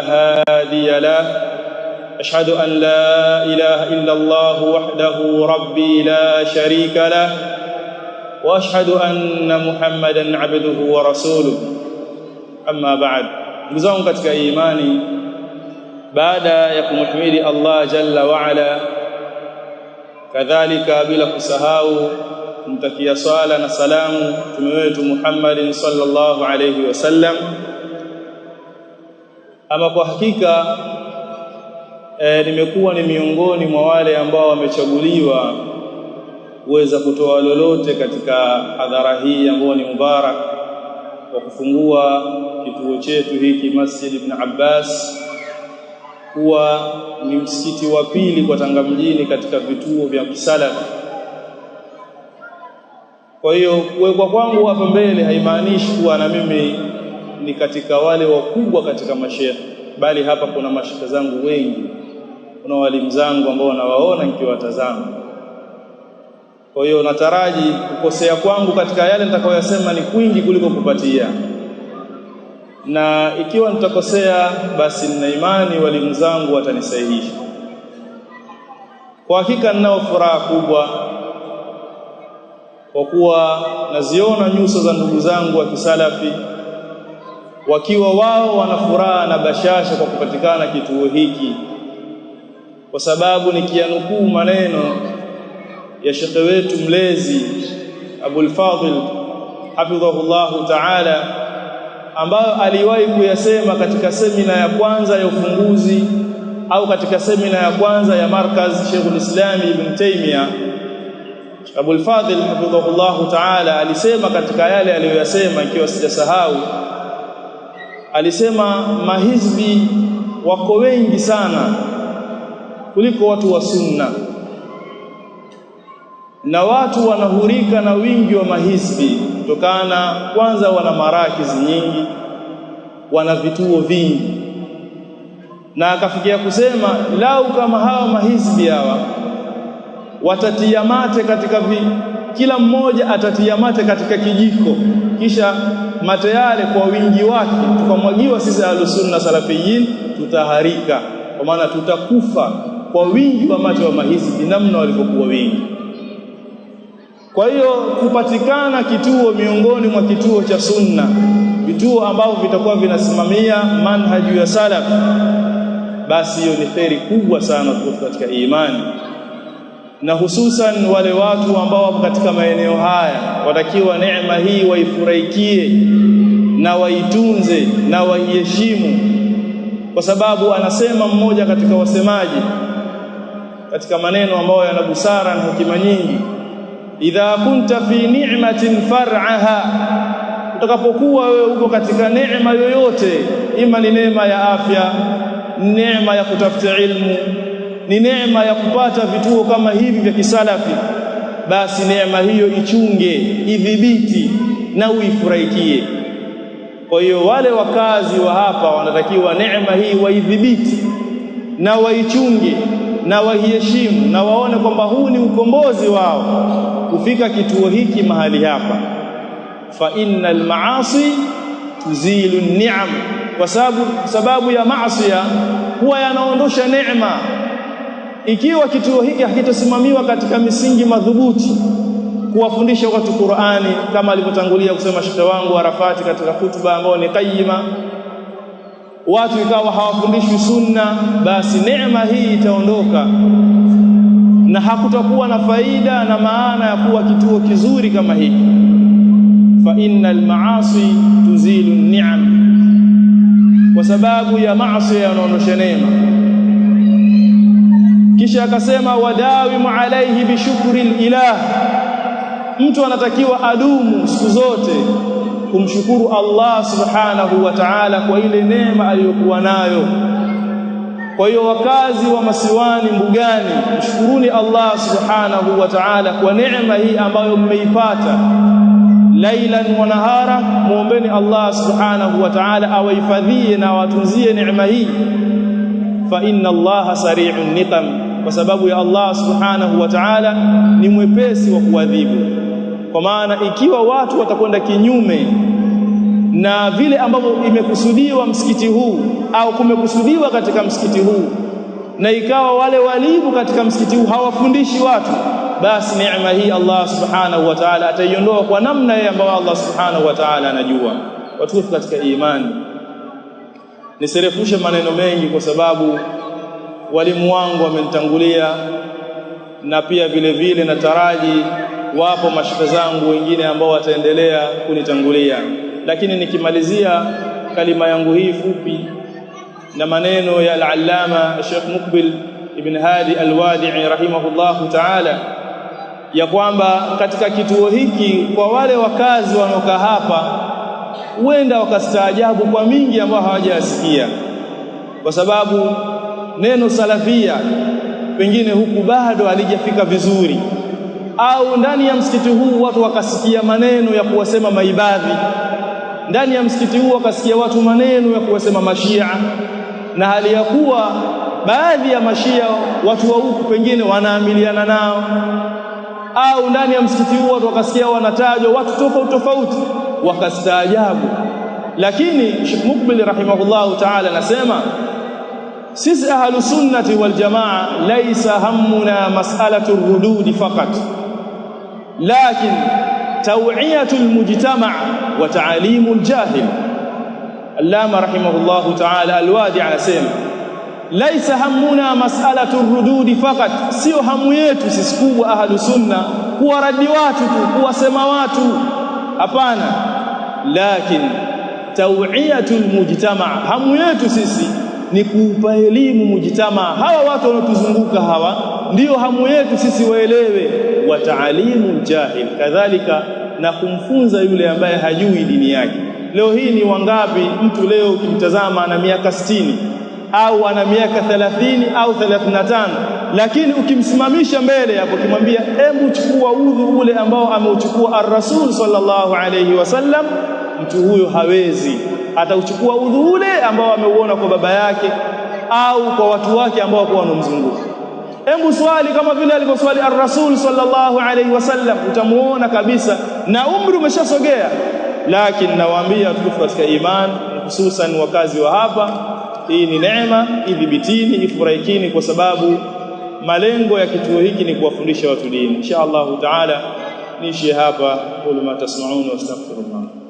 هادي له أشهد أن لا إله إلا الله وحده ربي لا شريك له وأشهد أن محمدا عبده ورسوله أما بعد مزونكتك كإيماني بعد يقوم حميد الله جل وعلا كذلك بلا كسهاو متكي صلاة وسلام تميت محمد صلى الله عليه وسلم Ama kwa hakika e, nimekuwa ni miongoni mwa wale ambao wamechaguliwa kuweza kutoa lolote katika hadhara hii ambayo ni mubarak kwa kufungua kituo chetu hiki Masjid Ibn Abbas kuwa ni msikiti wa pili kwa Tanga mjini katika vituo vya kisalafi. Kwa hiyo kuwekwa kwangu hapa mbele haimaanishi kuwa na mimi ni katika wale wakubwa katika mashekhe, bali hapa kuna mashehe zangu wengi, kuna walimu zangu ambao wanawaona nikiwatazama. Kwa hiyo nataraji kukosea kwangu katika yale nitakayoyasema ni kwingi kuliko kupatia, na ikiwa nitakosea, basi nina imani walimu zangu watanisahihisha. Kwa hakika ninao furaha kubwa kwa kuwa naziona nyuso za ndugu zangu wa kisalafi wakiwa wao wana furaha na bashasha kwa kupatikana kituo hiki, kwa sababu nikiyanukuu maneno ya shekhe wetu mlezi Abul Fadhil hafidhahu taala, ambayo aliwahi kuyasema katika semina ya kwanza ya ufunguzi au katika semina ya kwanza ya Markaz Sheikhul Islam Ibn Taymiyyah. Abul Fadhil hafidhahu taala alisema katika yale aliyoyasema, ikiwa sijasahau alisema mahizbi wako wengi sana kuliko watu wa sunna, na watu wanahurika na wingi wa mahizbi kutokana, kwanza, wana marakizi nyingi, wana vituo vingi, na akafikia kusema lau kama hawa mahizbi hawa watatia mate katika vi kila mmoja atatia mate katika kijiko, kisha mate yale kwa wingi wake tukamwagiwa sisi ahlusunna salafiyin, tutaharika kwa maana tutakufa kwa wingi wa mate wa mahisi, namna walivyokuwa wingi. Kwa hiyo kupatikana kituo miongoni mwa kituo cha sunna, vituo ambavyo vitakuwa vinasimamia manhaju ya salaf, basi hiyo ni kheri kubwa sana katika imani na hususan wale watu ambao wapo katika maeneo haya watakiwa neema hii waifurahikie na waitunze na waiheshimu, kwa sababu anasema mmoja katika wasemaji katika maneno ambayo yana busara na hekima nyingi, idha kunta fi ni'matin far'aha, utakapokuwa wewe uko katika neema yoyote, ima ni neema ya afya, neema ya kutafuta ilmu ni neema ya kupata vituo kama hivi vya kisalafi, basi neema hiyo ichunge, idhibiti na uifurahikie. Kwa hiyo wale wakazi wa hapa wanatakiwa neema hii waidhibiti na waichunge na waiheshimu na waone kwamba huu ni ukombozi wao kufika kituo hiki mahali hapa. Fa innal maasi tuzilu ni'am, kwa sababu sababu ya maasi huwa yanaondosha neema ikiwa kituo hiki hakitosimamiwa katika misingi madhubuti kuwafundisha watu Qur'ani, kama alivyotangulia kusema shekhe wangu Arafati katika hutuba ambayo ni qayyima, watu ikawa hawafundishwi sunna, basi neema hii itaondoka na hakutakuwa na faida na maana ya kuwa kituo kizuri kama hiki. Fa innal maasi tuzilu ni'am, kwa sababu ya maasi yanaondosha neema kisha akasema wadawimu alaihi bishukuri lilah, mtu anatakiwa adumu siku zote kumshukuru Allah subhanahu wa ta'ala kwa ile neema aliyokuwa nayo. Kwa hiyo wakazi wa masiwani mbugani, mshukuruni Allah subhanahu wa ta'ala kwa neema hii ambayo mmeipata lailan wa nahara. Muombeni Allah subhanahu wa ta'ala awahifadhie na awatunzie neema hii, fa inna Allaha sari'un niqam kwa sababu ya Allah subhanahu wa ta'ala ni mwepesi wa kuadhibu. Kwa maana ikiwa watu watakwenda kinyume na vile ambavyo imekusudiwa msikiti huu au kumekusudiwa katika msikiti huu, na ikawa wale walimu katika msikiti huu hawafundishi watu, basi neema hii Allah subhanahu wa ta'ala ataiondoa kwa namna yeye ambayo Allah subhanahu wa ta'ala anajua. Watu katika imani, niserefushe maneno mengi kwa sababu walimu wangu wamenitangulia, na pia vile vile nataraji wapo mashika zangu wengine ambao wataendelea kunitangulia. Lakini nikimalizia kalima yangu hii fupi na maneno ya al-Allama Sheikh Mukbil Ibn Hadi Al-Wadi'i rahimahullahu ta'ala, ya kwamba katika kituo hiki kwa wale wakazi wanaokaa hapa huenda wakastaajabu kwa mingi ambayo hawajasikia kwa sababu neno salafia pengine huku bado alijafika vizuri, au ndani ya msikiti huu watu wakasikia maneno ya kuwasema maibadhi, ndani ya msikiti huu wakasikia watu maneno ya kuwasema mashia, na hali ya kuwa baadhi ya mashia watu wa huku pengine wanaamiliana nao, au ndani ya msikiti huu watu wakasikia wanatajwa watu tofauti tofauti, wakastaajabu. Lakini Sheikh Mukbil rahimahullahu taala anasema sisi ahlu sunnati wal jamaa laisa hammuna mas'alatu rudud faqat lakin توعيه المجتمع وتعاليم الجاهل اللام رحمه الله تعالى الوادي anasema laisa ليس همنا مسألة الردود فقط sio hamu yetu sisi kubwa ahlu sunna kuwaradi watu tu kuwasema watu hapana lakin tawiyatu almujtama hamu yetu sisi ni kuupa elimu mujitamaa. Hawa watu wanaotuzunguka hawa ndiyo hamu yetu sisi waelewe, wa taalimu jahil kadhalika na kumfunza yule ambaye hajui dini yake. Leo hii ni wangapi mtu leo ukimtazama ana miaka 60 au ana miaka 30 au 35, na tano lakini ukimsimamisha mbele hapo, ukimwambia hebu chukua udhu ule ambao ameuchukua ar-Rasul sallallahu alayhi wasallam, mtu huyo hawezi atauchukua udhu ule ambao ameuona kwa baba yake au kwa watu wake ambao wakuwa wanomzunguka. Hebu swali kama vile alivyoswali ar-Rasul sallallahu alayhi wasallam, utamuona kabisa na umri umeshasogea. Lakini nawaambia tukufu katika imani, hususan wakazi wa hapa, hii ni neema, idhibitini, ifurahikini, kwa sababu malengo ya kituo hiki ni kuwafundisha watu dini. Insha Allahu taala niishie hapa, qul ma tasmaun wastaghfirullah.